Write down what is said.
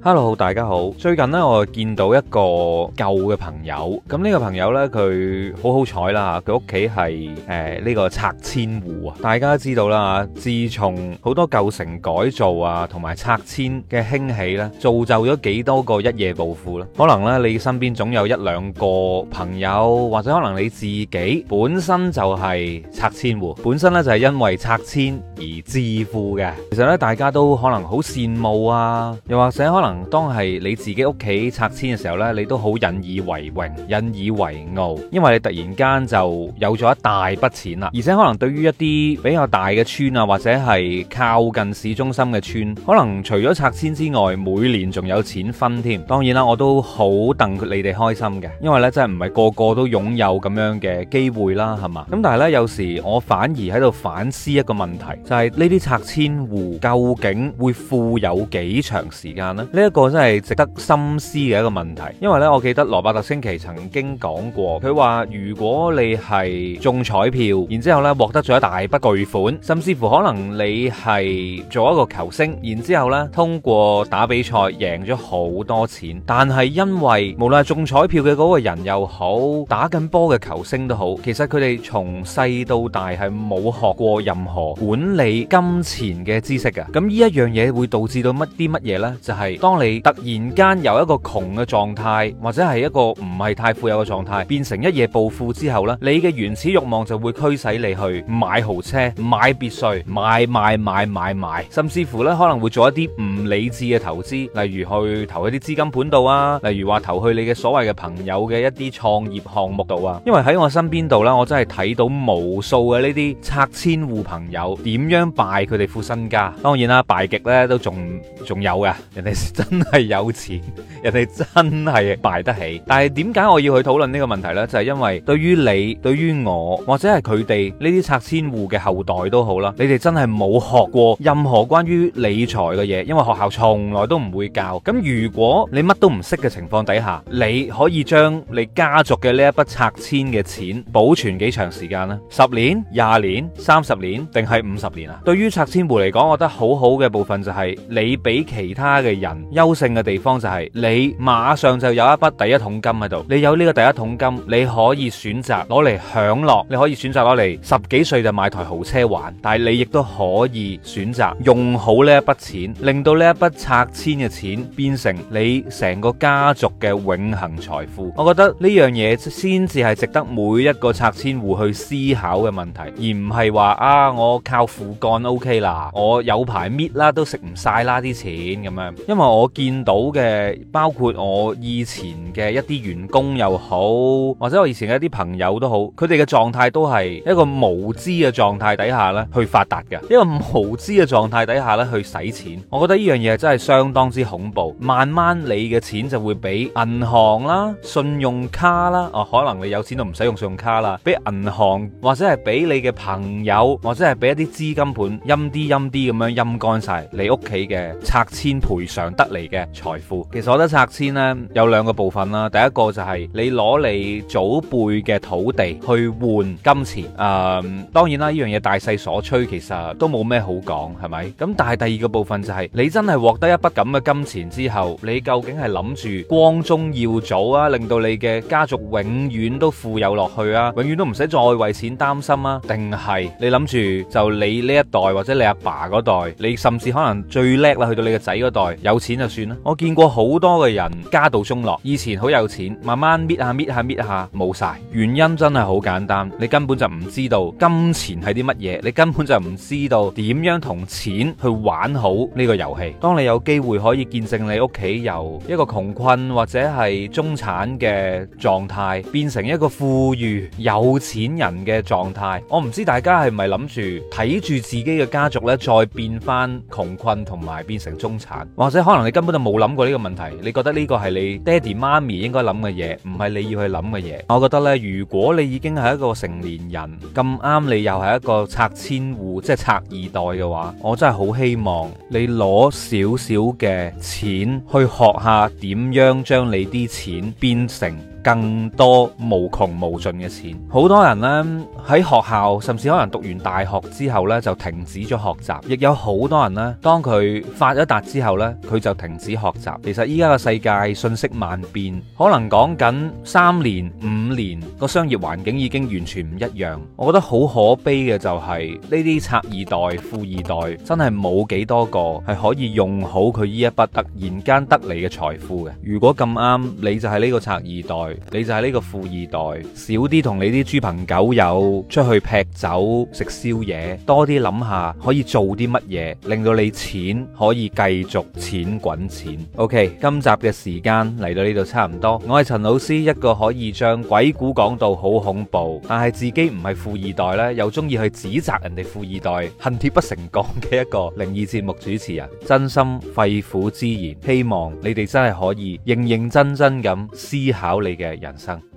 hello，大家好。最近咧，我見到一個舊嘅朋友，咁呢個朋友咧，佢好好彩啦吓，佢屋企係誒呢個拆遷戶啊。大家都知道啦吓，自從好多舊城改造啊，同埋拆遷嘅興起咧，造就咗幾多個一夜暴富咧。可能咧，你身邊總有一兩個朋友，或者可能你自己本身就係拆遷戶，本身咧就係因為拆遷而致富嘅。其實咧，大家都可能好羨慕啊，又或者可能。當係你自己屋企拆遷嘅時候呢，你都好引以為榮、引以為傲，因為你突然間就有咗一大筆錢啦。而且可能對於一啲比較大嘅村啊，或者係靠近市中心嘅村，可能除咗拆遷之外，每年仲有錢分添。當然啦，我都好戥你哋開心嘅，因為呢真係唔係個個都擁有咁樣嘅機會啦，係嘛？咁但係呢，有時我反而喺度反思一個問題，就係呢啲拆遷戶究竟會富有幾長時間呢？呢一個真係值得深思嘅一個問題，因為咧，我記得羅伯特·清崎曾經講過，佢話：如果你係中彩票，然之後咧獲得咗一大筆巨款，甚至乎可能你係做一個球星，然之後咧通過打比賽贏咗好多錢，但係因為無論係中彩票嘅嗰個人又好，打緊波嘅球星都好，其實佢哋從細到大係冇學過任何管理金錢嘅知識嘅。咁呢一樣嘢會導致到乜啲乜嘢呢？就係、是。當你突然間由一個窮嘅狀態，或者係一個唔係太富有嘅狀態，變成一夜暴富之後呢，你嘅原始欲望就會驅使你去買豪車、買別墅、買買買買買，甚至乎呢可能會做一啲唔理智嘅投資，例如去投一啲資金盤度啊，例如話投去你嘅所謂嘅朋友嘅一啲創業項目度啊。因為喺我身邊度呢，我真係睇到無數嘅呢啲拆遷戶朋友點樣敗佢哋副身家。當然啦，敗極呢都仲仲有嘅，人哋。真係有錢，人哋真係敗得起。但係點解我要去討論呢個問題呢？就係、是、因為對於你、對於我，或者係佢哋呢啲拆遷戶嘅後代都好啦，你哋真係冇學過任何關於理財嘅嘢，因為學校從來都唔會教。咁如果你乜都唔識嘅情況底下，你可以將你家族嘅呢一筆拆遷嘅錢保存幾長時間呢？十年、廿年、三十年，定係五十年啊？對於拆遷戶嚟講，我覺得好好嘅部分就係你比其他嘅人。優勝嘅地方就係你馬上就有一筆第一桶金喺度，你有呢個第一桶金，你可以選擇攞嚟享樂，你可以選擇攞嚟十幾歲就買台豪車玩，但係你亦都可以選擇用好呢一筆錢，令到呢一筆拆遷嘅錢變成你成個家族嘅永恆財富。我覺得呢樣嘢先至係值得每一個拆遷戶去思考嘅問題，而唔係話啊我靠苦幹 OK 啦，我有排搣啦都食唔晒啦啲錢咁樣，因為我。我見到嘅包括我以前嘅一啲員工又好，或者我以前嘅一啲朋友都好，佢哋嘅狀態都係一個無知嘅狀態底下咧去發達嘅，一個無知嘅狀態底下咧去使錢。我覺得呢樣嘢真係相當之恐怖。慢慢你嘅錢就會俾銀行啦、信用卡啦，哦、啊，可能你有錢都唔使用信用卡啦，俾銀行或者係俾你嘅朋友，或者係俾一啲資金盤陰啲陰啲咁樣陰乾晒你屋企嘅拆遷賠償得嚟嘅財富，其實我覺得拆遷呢有兩個部分啦、啊。第一個就係你攞你祖輩嘅土地去換金錢，誒、呃、當然啦，呢樣嘢大勢所趨，其實都冇咩好講，係咪？咁但係第二個部分就係、是、你真係獲得一筆咁嘅金錢之後，你究竟係諗住光宗耀祖啊，令到你嘅家族永遠都富有落去啊，永遠都唔使再為錢擔心啊？定係你諗住就你呢一代或者你阿爸嗰代，你甚至可能最叻啦，去到你嘅仔嗰代有錢。就算啦，我見過好多嘅人家道中落，以前好有錢，慢慢搣下搣下搣下冇晒。原因真係好簡單，你根本就唔知道金錢係啲乜嘢，你根本就唔知道點樣同錢去玩好呢個遊戲。當你有機會可以見證你屋企由一個窮困或者係中產嘅狀態，變成一個富裕有錢人嘅狀態，我唔知大家係咪諗住睇住自己嘅家族咧，再變翻窮困同埋變成中產，或者可能？你根本就冇諗過呢個問題，你覺得呢個係你爹哋媽咪應該諗嘅嘢，唔係你要去諗嘅嘢。我覺得咧，如果你已經係一個成年人，咁啱你又係一個拆遷戶，即係拆二代嘅話，我真係好希望你攞少少嘅錢去學下點樣將你啲錢變成更多無窮無盡嘅錢，好多人呢，喺學校，甚至可能讀完大學之後呢，就停止咗學習，亦有好多人呢，當佢發咗達之後呢，佢就停止學習。其實依家個世界信息萬變，可能講緊三年五年個商業環境已經完全唔一樣。我覺得好可悲嘅就係呢啲拆二代、富二代真係冇幾多個係可以用好佢呢一筆突然間得嚟嘅財富嘅。如果咁啱，你就係呢個拆二代。你就係呢個富二代，少啲同你啲豬朋狗友出去劈酒食宵夜，多啲諗下可以做啲乜嘢，令到你錢可以繼續錢滾錢。OK，今集嘅時間嚟到呢度差唔多，我係陳老師，一個可以將鬼故講到好恐怖，但係自己唔係富二代咧，又中意去指責人哋富二代恨鐵不成鋼嘅一個靈異節目主持人。真心肺腑之言，希望你哋真係可以認認真真咁思考你嘅嘅人生。